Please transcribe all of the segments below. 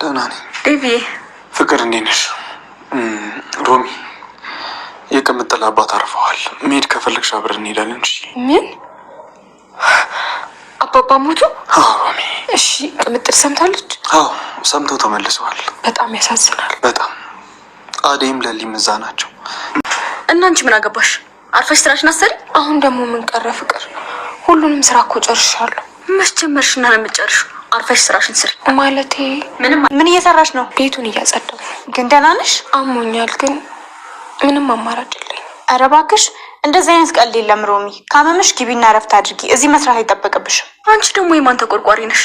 ደህና ነኝ። ዴቪ ፍቅር፣ እንዴት ነሽ? ሮሚ የቅምጥል አባት አርፈዋል። መሄድ ከፈለግሽ አብረን እንሄዳለን። እሺ። ምን አባባ ሞቱ? ሮሚ። እሺ፣ ቅምጥል ሰምታለች? አዎ ሰምተው ተመልሰዋል። በጣም ያሳዝናል። በጣም አደይም ለሊም እዛ ናቸው። እና አንቺ ምን አገባሽ? አርፈሽ ስራሽን አሰሪ። አሁን ደግሞ ምን ቀረ ፍቅር? ሁሉንም ስራ እኮ ጨርሻለሁ። መቼ ጀመርሽና ነው የምትጨርሺው? አርፈሽ ስራሽን ስሪ። ማለት ምንም ምን እየሰራሽ ነው? ቤቱን እያጸዳሁ። ግን ደህና ነሽ? አሞኛል፣ ግን ምንም አማራጭ የለኝም። ኧረ እባክሽ እንደዚህ አይነት ቀልድ የለም ሮሚ። ካመመሽ ግቢና እረፍት አድርጊ። እዚህ መስራት አይጠበቅብሽም። አንቺ ደግሞ የማን ተቆርቋሪ ነሽ?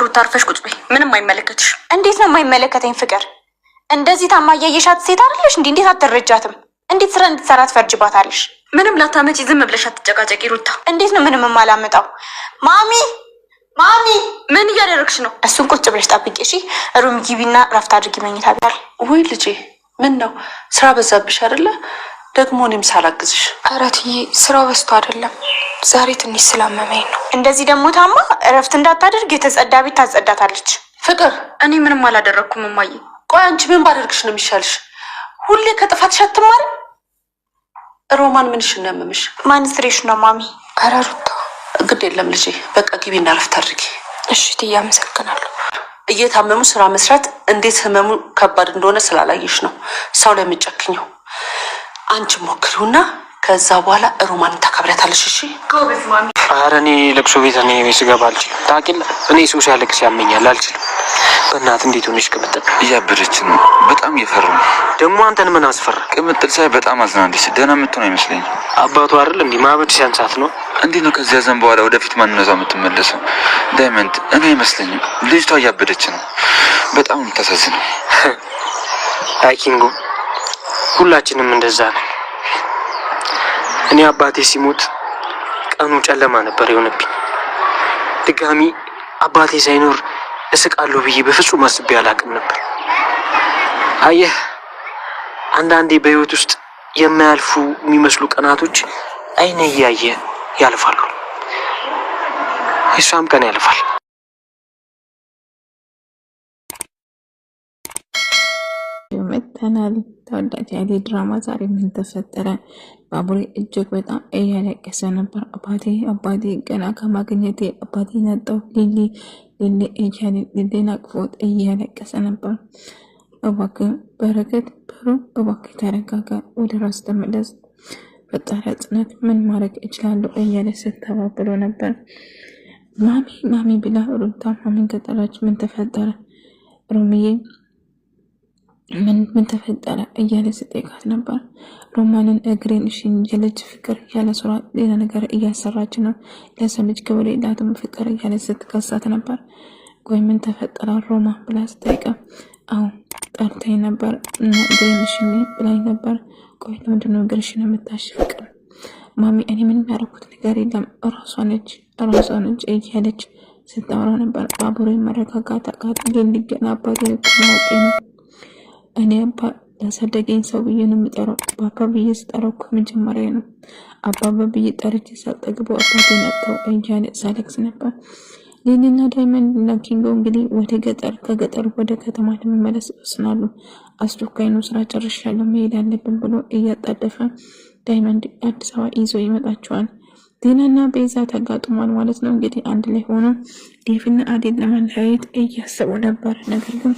ሩት አርፈሽ ቁጭ በይ። ምንም አይመለከትሽ። እንዴት ነው የማይመለከተኝ? ፍቅር እንደዚህ ታማያየሻት ሴት አይደለሽ እንዲ እንዴት አትረጃትም? እንዴት ስራ እንድትሰራ ትፈርጅባታለሽ? ምንም ላታመጪ ዝም ብለሽ አትጨቃጨቂ ሩታ። እንዴት ነው ምንም የማላመጣው? ማሚ ማሚ ምን እያደረግሽ ነው? እሱን ቁጭ ብለሽ ጠብቂ እሺ። ሩም ግቢና ረፍት አድርጊ። መኝታ ብሏል። ውይ ልጄ ምን ነው ስራ በዛብሽ አይደለ? ደግሞ እኔም ሳላግዝሽ። ኧረ እትዬ ስራው በዝቶ አይደለም ዛሬ ትንሽ ስላመመኝ ነው። እንደዚህ ደግሞ ታማ እረፍት እንዳታደርግ የተጸዳ ቤት ታጸዳታለች። ፍቅር እኔ ምንም አላደረግኩም እማዬ። ቆይ አንቺ ምን ባደርግሽ ነው የሚሻልሽ? ሁሌ ከጥፋትሽ ሸትማል ሮማን ምንሽ ነው ያመመሽ? ማንስትሬሽን ነው ማሚ። ኧረ ሩታ ግድ የለም ልጄ፣ በቃ ግቢና ረፍት አድርጌ እሽት እያመሰግናለሁ እየታመሙ ስራ መስራት እንዴት ህመሙ ከባድ እንደሆነ ስላላየሽ ነው ሰው ላይ አንቺ ሞክሪውና ከዛ በኋላ ሮማን ታከብረታለሽ። እሺ አረ እኔ ለቅሶ ቤት እኔ ስገባ አልችልም። ታውቂና እኔ ሰው ሲያለቅስ ያመኛል፣ አልችልም። በእናት እንዴት ሆነሽ ቅምጥል? እያበደች ነው፣ በጣም እየፈራሁ ነው። ደግሞ አንተን ምን አስፈራ? ቅምጥል ሳይ በጣም አዝናለች። ደህና የምትሆን አይመስለኝ። አባቱ አይደል እንዲህ ማበድ ሲያንሳት ነው። እንዴት ነው ከዚያ ዘን በኋላ ወደፊት ማንነቷ የምትመለሰው? ዳይመንድ፣ እኔ አይመስለኝም። ልጅቷ እያበደች ነው፣ በጣም የምታሳዝነው። አይ ኪንጎ፣ ሁላችንም እንደዛ ነው። እኔ አባቴ ሲሞት ቀኑ ጨለማ ነበር የሆነብኝ። ድጋሚ አባቴ ሳይኖር እስቃለሁ ብዬ በፍጹም አስቤ አላቅም ነበር። አየህ አንዳንዴ በህይወት ውስጥ የማያልፉ የሚመስሉ ቀናቶች አይነ እያየ ያልፋሉ። የሷም ቀን ያልፋል። ተመልሰናል። ተወዳጅ ያሌ ድራማ ዛሬ ምን ተፈጠረ? ባቡሬ እጅግ በጣም እያለቀሰ ነበር። አባቴ አባቴ ገና ከማግኘቴ አባቴ ነጠው ሊሊ ሊሊ እያለ ሊሊን አቅፎት እያለቀሰ ነበር። እባክ በረከት ብሩ፣ እባክ ተረጋጋ፣ ወደ ራስ ተመለስ። ፈጣሪ ጽናት ምን ማድረግ እችላለሁ እያለ ስተባብሎ ነበር። ማሚ ማሚ ብላ ሩታ ማሚን ከጠራች ምን ተፈጠረ ሮሚዬ ምን ምን ተፈጠረ እያለ ስጠይቃት ነበር። ሮማንን እግሬን እሺ የልጅ ፍቅር ያለ ስራ ሌላ ነገር እያሰራች ነው፣ ለሰው ልጅ ክብር የላትም ፍቅር እያለ ስትከሳት ነበር። ቆይ ምን ተፈጠረ ሮማ ብላ ስጠይቃ፣ አዎ ጠርተኝ ነበር እና እግሬን እሺ ብላኝ ነበር። ቆይ ለምንድነው እግርሽን የምታሽ? ፍቅር ማሚ፣ እኔ ምን ያደረኩት ነገር የለም ራሷ ነች ራሷ ነች እያለች ስታወራ ነበር። ባቡሬ መረጋጋት አቃት። ግን ሊገና አባቴ ልትናውቄ ነው እኔ አባ ያሳደገኝ ሰው ብዬ ነው የምጠራው። በአባ ብዬ ስጠራው ከመጀመሪያ ነው አባባ ብዬ ጠርቼ ሳልጠግበው አባቴ ነጠው እያለ ሳለቅስ ነበር። ሊሊና ዳይመንድ እና ኪንጎ እንግዲህ ወደ ገጠር ከገጠር ወደ ከተማ ለመመለስ ይወስናሉ። አስቸኳይ ነው፣ ስራ ጨርሻለሁ፣ መሄድ አለብን ብሎ እያጣደፈ ዳይመንድ አዲስ አበባ ይዞ ይመጣቸዋል። ዜናና ቤዛ ተጋጥሟል ማለት ነው። እንግዲህ አንድ ላይ ሆኖ ዴፍና አዴን ለመለያየት እያሰቡ ነበር ነገር ግን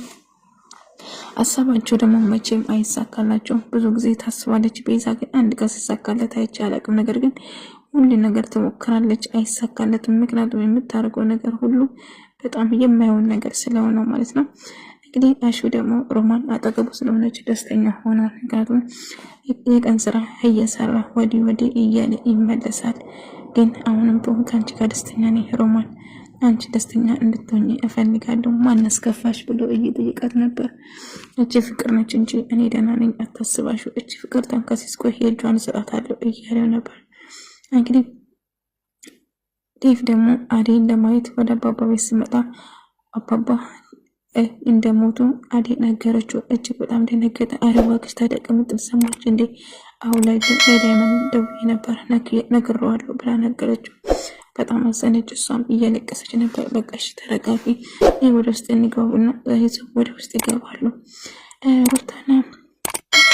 አሳባቸው ደግሞ መቼም አይሳካላቸው። ብዙ ጊዜ ታስባለች። ቤዛ ግን አንድ ቀን ሲሳካለት አይቼ አላቅም። ነገር ግን ሁሉ ነገር ትሞክራለች፣ አይሳካለትም። ምክንያቱም የምታደርገው ነገር ሁሉ በጣም የማይሆን ነገር ስለሆነ ማለት ነው። እንግዲህ አሹ ደግሞ ሮማን አጠገቡ ስለሆነች ደስተኛ ሆና፣ ምክንያቱም የቀን ስራ እየሰራ ወዲህ ወዲህ እያለ ይመለሳል። ግን አሁንም በሆን ከአንቺ ጋር ደስተኛ ነኝ ሮማን አንቺ ደስተኛ እንድትሆኝ እፈልጋለሁ፣ ማን አስከፋሽ ብሎ እየጠየቃት ነበር። እቺ ፍቅር ነች እንጂ እኔ ደህና ነኝ፣ አታስባሽ። እቺ ፍቅር ተንከሲስቆ የእጇን ሰጣታለሁ እያለው ነበር። እንግዲህ ዴቭ ደግሞ አዴን ለማየት ወደ አባባ ቤት ስመጣ አባባ እንደሞቱ አዴ ነገረችው። እጅግ በጣም ደነገጠ። አረባክሽ ታዲያ ሰማች እንዴ? አሁን ላይ ግን ለዳይመንድ ደውዬ ነበር ነግረዋለሁ ብላ ነገረችው። በጣም አዘነች። እሷም እያለቀሰች ነበር። በቃሽ ተረጋጊ፣ ወደ ውስጥ እንግባቡና ይዘው ወደ ውስጥ ይገባሉ። ሩታና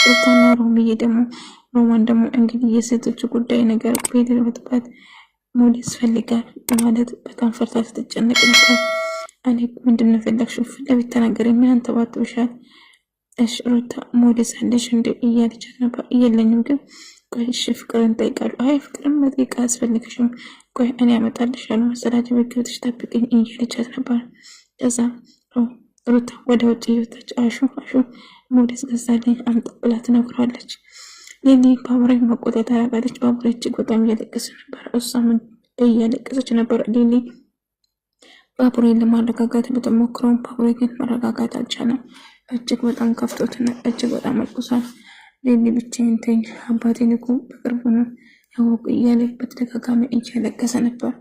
ሩታና ሮሚዬ ደግሞ ሮማን ደግሞ እንግዲህ የሴቶች ጉዳይ ነገር ቤት ለመጥባት ሙድ ያስፈልጋል በማለት በጣም ፈርታ ስትጨነቅ ነበር። እኔ ምንድን ፈለግሽው ፊት ለፊት ተናገር፣ ምን አንተባትብሻል? እሽ ሩታ ሞዴስ አለሽ እንደ እያለቻት ነበር። እየለኝም ግን ቆይ ፍቅርን ጠይቃሉ። አይ ፍቅርን መጠየቅ አያስፈልግሽም፣ ቆይ እኔ ያመጣልሻለሁ። መጸዳጃ ቤት ገብተሽ ጠብቂኝ እያለቻት ነበር። ከዛ ሩታ ወደ ውጭ እየወጣች አሹ አሹ ሞዴስ ገዛልኝ አምጣ ብላ ትነግረዋለች። ሌሊ ባቡሬ መቆጣጠር አቃተች። ባቡሬ እጅግ በጣም እያለቀሰች ነበር። እሷም እያለቀሰች ነበር። ሌሊ ባቡሬን ለማረጋጋት በተሞክረው ባቡሬ ግን መረጋጋት አልቻለም። እጅግ በጣም ከፍቶትና እጅግ በጣም አልቁሷል። ሌሊ ብቻዬን ተኝ አባቴን እኮ በቅርቡ ነው ያወቁ እያለ በተደጋጋሚ እያለቀሰ ነበር።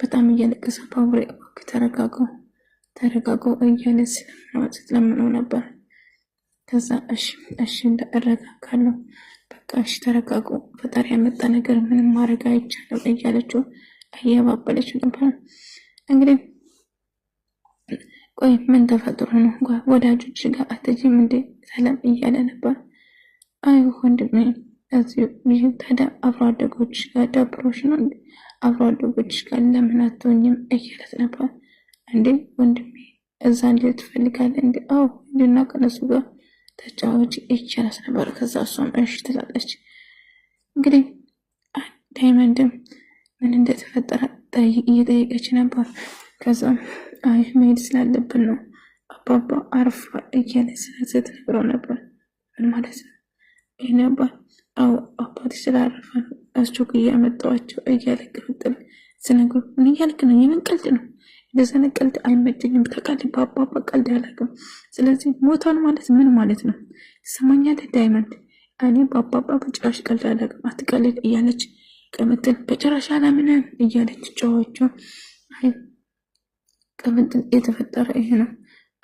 በጣም እያለቀሰ ባቡሬ እባክህ ተረጋጋው ተረጋጋው እያለ ስትለምነው ነበር። ከዛ እሺ እሺ እንዳረጋጋለሁ በቃ እሺ ተረጋጉ፣ ፈጣሪ ያመጣ ነገር ምንም ማድረግ አይቻልም እያለችው እያባበለች ነበር። እንግዲህ ቆይ ምን ተፈጥሮ ነው ወዳጆች ጋር አትሄጂም እንዴ ሰላም እያለ ነበር። አይ ወንድሜ እዚህ ታዲያ አብሮ አደጎች ጋር ዳብሮች ነው እንዴ? አብሮ አደጎች ጋር ለምን አትሆኝም እያለት ነበር። እንዴ ወንድሜ እዛ እንዴት ትፈልጋለህ እንዴ? አዎ እንዲና ከነሱ ጋር ተጫዋች እያለት ነበር። ከዛ እሷም እሺ ትላለች። እንግዲህ ዳይመንድም ምን እንደተፈጠረ እየጠየቀች ነበር። ከዛም አይ መሄድ ስላለብን ነው አባባ አርፋ እያለ ስለዘት ነግረው ነበር። ምን ማለት ነው ይህን አባ አዎ አባቴ ስላረፈ አስቾክ እያመጣዋቸው እያለቅ ፍጥል ስነግሩ ምን እያልክ ነው? ይህንን ቀልድ ነው። እንደዛነ ቀልድ አይመቸኝም። ተቃልድ በአባባ ቀልድ አላውቅም። ስለዚህ ሞቷን ማለት ምን ማለት ነው? ትሰማኛለህ ዳይመንድ? እኔ በአባባ በጭራሽ ቀልድ አላውቅም። አትቀልድ እያለች ቅምጥል በጭራሽ አላምንም እያለች ጨዋቸው። አይ ቅምጥል የተፈጠረ ይሄ ነው።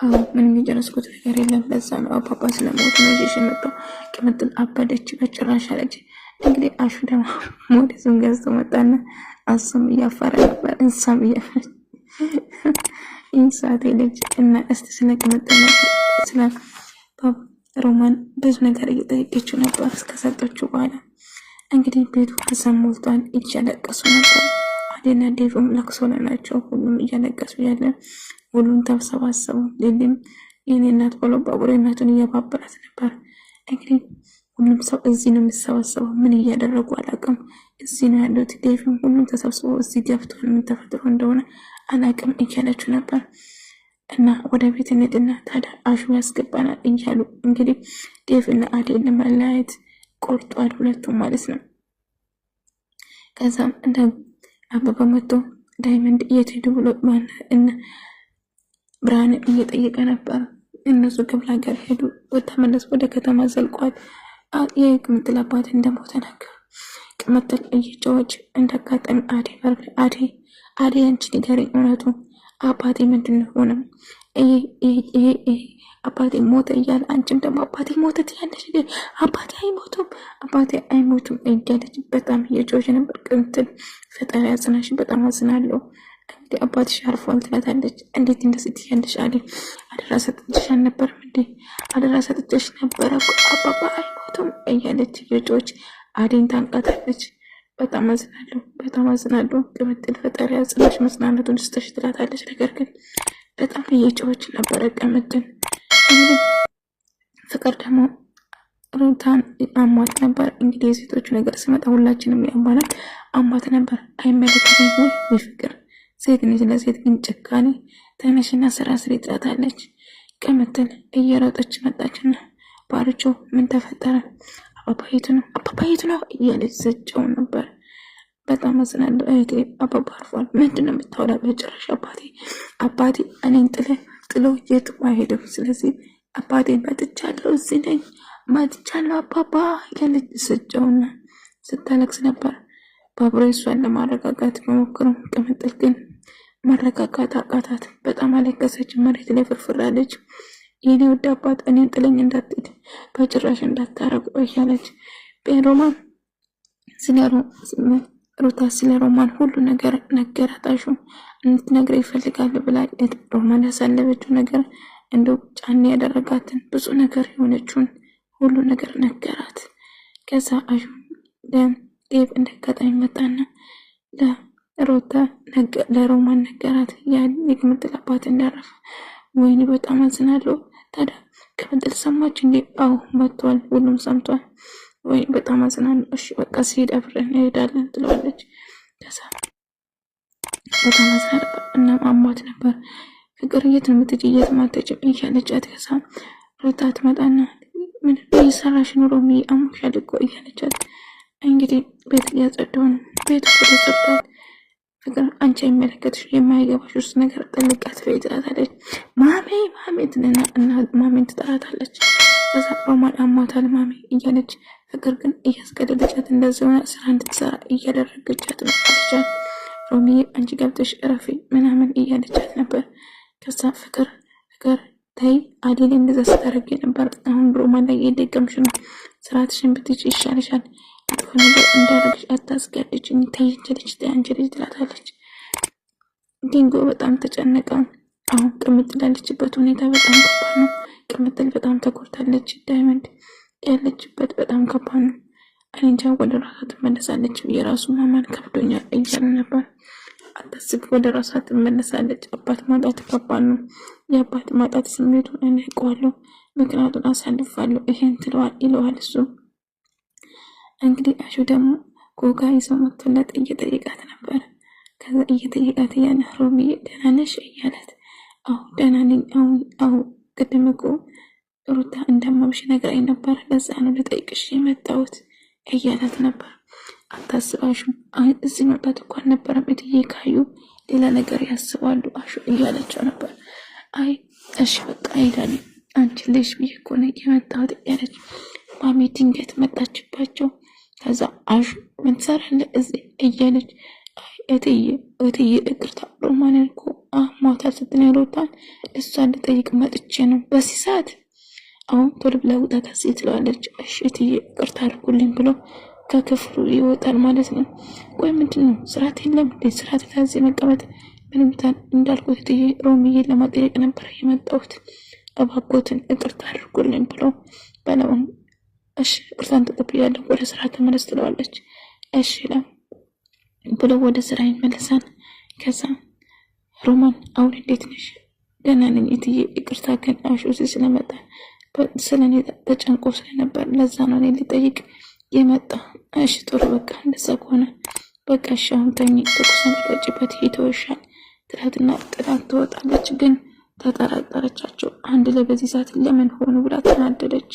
አዎ ምንም የጨረስኩት ነገር የለም። ለዛ ነው አባባ ስለሞት ነው ይዤሽ የመጣው። ቅምጥል አበደች በጭራሽ አለች። እንግዲህ አሹ ደግሞ ሞዴሱን ገዝቶ መጣና አሱም እያፈረ ነበር፣ እንሳም እያፈረች ኢንሳቴ ልጅ እና እስቲ ስለ ቅምጥል ስለ ሮማን ብዙ ነገር እየጠየቀችው ነበር። እስከሰጠችው በኋላ እንግዲህ ቤቱ ሀሳብ ሞልቷን እያለቀሱ ነበር። አዴና ዴቭም ለቅሶ ላይ ናቸው። ሁሉም እያለቀሱ ያለ ሁሉም ተሰባሰቡ። ሌሊም የኔ እናት ብሎ ባቡሬ እናቱን እያባበላት ነበር። እንግዲህ ሁሉም ሰው እዚህ ነው የሚሰባሰበው። ምን እያደረጉ አላቅም። እዚህ ነው ያሉት። ዴቭም ሁሉም ተሰብስቦ እዚህ ገብቷል። ምን ተፈጥሮ እንደሆነ አላቅም እያለችው ነበር። እና ወደ ቤት እንሂድና ታዲያ አሹ ያስገባናል እያሉ እንግዲህ ዴቭ እና አዴ ለመለያየት ቆርጧል፣ ሁለቱም ማለት ነው። ከዛም እንደ አበባ መጥቶ ዳይመንድ የት ሄዱ ብሎ እነ ብርሃን እየጠየቀ ነበር። እነሱ ክፍለ ሀገር ሄዱ። ተመለስ ወደ ከተማ ዘልቋል። የቅምጥል አባት እንደሞተ ነገር ቅምጥል እየጨዋች እንዳጋጣሚ አዴ አዴ አዴ አንቺ ንገሪኝ እውነቱ አባቴ ምንድን ሆነም አባቴ ሞተ እያለ አንቺም ደግሞ አባቴ ሞተ ትያለሽ። አባቴ አይሞቱም፣ አባቴ አይሞቱም እያለች በጣም እየጮች ነበር። ቅምትል ፈጣሪ አጽናሽ፣ በጣም አዝናለሁ። እንግዲህ አባትሽ አርፏል ትላታለች። እንዴት እንደዚህ ትያለሽ አለ። አደራ ሰጥቼሽ አልነበረም እንዴ? አደራ ሰጥቼሽ ነበረ። አባባ አይሞቱም እያለች እየጮች አዴን ታንቃታለች። በጣም አዝናለሁ፣ በጣም አዝናለሁ ቅምትል፣ ፈጣሪ አጽናሽ፣ መጽናናቱን ስተሽ ትላታለች። ነገር ግን በጣም እየጮኸች ነበረ ቅምጥል። ፍቅር ደግሞ ሩታን አሟት ነበር። እንግዲህ የሴቶቹ ነገር ስመጣ ሁላችንም ያሟላል። አሟት ነበር አይመለከተኝ ወይ ፍቅር ሴት ነች፣ ለሴት ግን ጭካኔ። ተነሽና ስራ ስሪ ትላታለች ቅምጥል። እየሮጠች መጣችና ባርቾ ምን ተፈጠረ? አባባይቱ ነው አባባይቱ ነው እያለች ዘጨው ነበር በጣም አዝናለሁ እህቴ። አባባ አርፏል። ምንድን ነው የምታወራ? መጨረሻ አባቴ አባቴ እኔን ጥለ ጥሎ የት አይሄድም። ስለዚህ አባቴን መጥቻለሁ፣ እዚህ ነኝ፣ መጥቻለሁ አባባ ያለች ስጨውና ስታለቅስ ነበር። ባቡሬ እሷን ለማረጋጋት መሞክረው፣ ቅምጥል ግን መረጋጋት አቃታት። በጣም አለቀሰች፣ መሬት ላይ ፍርፍራለች። የኔ ውድ አባት እኔን ጥለኝ እንዳትሄድ በጭራሽ እንዳታረጉ እያለች ቤንሮማን ስለ ሩታ ስለ ሮማን ሁሉ ነገር ነገረታሹ እንድትነግረ ይፈልጋል ብላ ሮማን ያሳለበችው ነገር እንደ ጫን ያደረጋትን ብዙ ነገር የሆነችውን ሁሉ ነገር ነገራት። ከዛ አሹ ለዴብ እንደጋጣሚ መጣና ለሮታ ለሮማን ነገራት። የቅምጥል አባት እንዳረፈ ወይኔ በጣም አዝናለሁ። ታዲያ ቅምጥል ሰማች እንዴ? አዎ መጥቷል። ሁሉም ሰምቷል። ወይ በጣም አዝናለሁ። እሺ በቃ ሲሄድ አብረን እንሄዳለን ትለዋለች። ከዛ በጣም አዝናለሁ። እና አሟት ነበር። ፍቅር የት ነው የምትሄጂው? የት ማተጭም እያለቻት ከዛ ሮታ ትመጣና ምን እየሰራሽ ኑሮ ሚ አሞሻል እኮ እያለቻት እንግዲህ ቤት እያጸደውን ቤት እኮ ተጸድቷል። ፍቅር አንቺ አይመለከትሽ የማይገባሽ ውስጥ ነገር ጠልቃት ትፈይዛታለች። ማሜ ማሜ ትንና እና ማሜን ትጠራታለች። ተሰብሮ አሟታል ማሚ እያለች ፍቅር ግን እያስገደደቻት እንደዚሆነ ስራ እንድትሰራ እያደረገቻት ነው። ሮሚ አንቺ ገብተሽ እረፊ ምናምን እያለቻት ነበር። ከዛ ፍቅር ፍቅር ተይ አዴል እንደዛ ስታደርጊ ነበር። አሁን ድሮማ ላይ የደገምሽ ነው። ስርዓትሽን ብትይዥ ይሻልሻል። መጥፎ ነገር እንዳደረግሽ አታስጋድጅ። ታየንችልች ታያንችልች ትላታለች። ዲንጎ በጣም ተጨነቀ። አሁን ቅምጥ ላለችበት ሁኔታ በጣም ከባድ ነው። የምትል በጣም ተጎድታለች። ዳይመንድ ያለችበት በጣም ከባድ ነው። እኔ ወደ ራሷ ትመለሳለች ብዬ ራሱ ማመን ከብዶኛል እያለ ነበር። አታስብ፣ ወደ ራሷ ትመለሳለች። አባት ማጣት ከባድ ነው። የአባት ማጣት ስሜቱን እኔ አውቀዋለሁ፣ ምክንያቱን አሳልፋለሁ። ይሄን ትለዋል ይለዋል። እሱ እንግዲህ አሹ ደግሞ ጎጋ ይዘው መጥቶለት እየጠየቃት ነበር። ከዛ እየጠየቃት እያነህሮ ሮሚ ደህና ነሽ እያለት አሁ ደህና ነኝ አሁ ቅድም እኮ ሩታ እንደማምሽ ነግራኝ ነበር፣ ለዛ ነው ልጠይቅሽ የመጣሁት እያላት ነበር። አታስባሽም እዚህ መምጣት እኳ አልነበረም እትዬ፣ ካዩ ሌላ ነገር ያስባሉ አሹ እያለቸው ነበር። አይ እሺ በቃ ይላል አንቺ ልሽ ብዬ እኮ ነው የመጣሁት እያለች ማሚ ድንገት መጣችባቸው። ከዛ አሹ ምን ትሰራለህ እዚህ እያለች እትዬ እትዬ እቅርታ ታብሎ እኮ ማታ ስትል ሩታን እሷ ልጠይቅ መጥቼ ነው። በዚህ ሰዓት አሁን ቶሎ ብላ ውጣ ከዚህ ትለዋለች። እሺ እትዬ ቅርታ አድርጉልኝ ብሎ ከክፍሉ ይወጣል ማለት ነው። ቆይ ምንድን ነው ስርዓት የለም እንዴ? ስርዓት ከዚህ መቀመጥ ምንምታን እንዳልኩት እትዬ ሮሚዬ ለማጠየቅ ነበር የመጣሁት። እባክዎትን እቅርታ አድርጉልኝ ብሎ በለውን እሺ ቅርታን ተቀብያለሁ፣ ወደ ስራ ተመለስ ትለዋለች። እሺ ብሎ ወደ ስራ ይመለሳል። ከዛ ሮማን አሁን እንዴት ነሽ? ደህና ነኝ እትዬ። ይቅርታ ግን አሹሲ ስለመጣ ስለኔ ተጨንቆ ስለነበር ለዛ ነው እኔ ሊጠይቅ የመጣ። እሺ ጥሩ በቃ እንደዛ ከሆነ በቃ እሺ። አሁን ተኝ ተኩሰን ወጭበት ይተወሻል። ትላትና ጥላት ትወጣለች፣ ግን ተጠራጠረቻቸው አንድ ላይ በዚህ ሰዓት ለምን ሆኑ ብላ ተናደደች።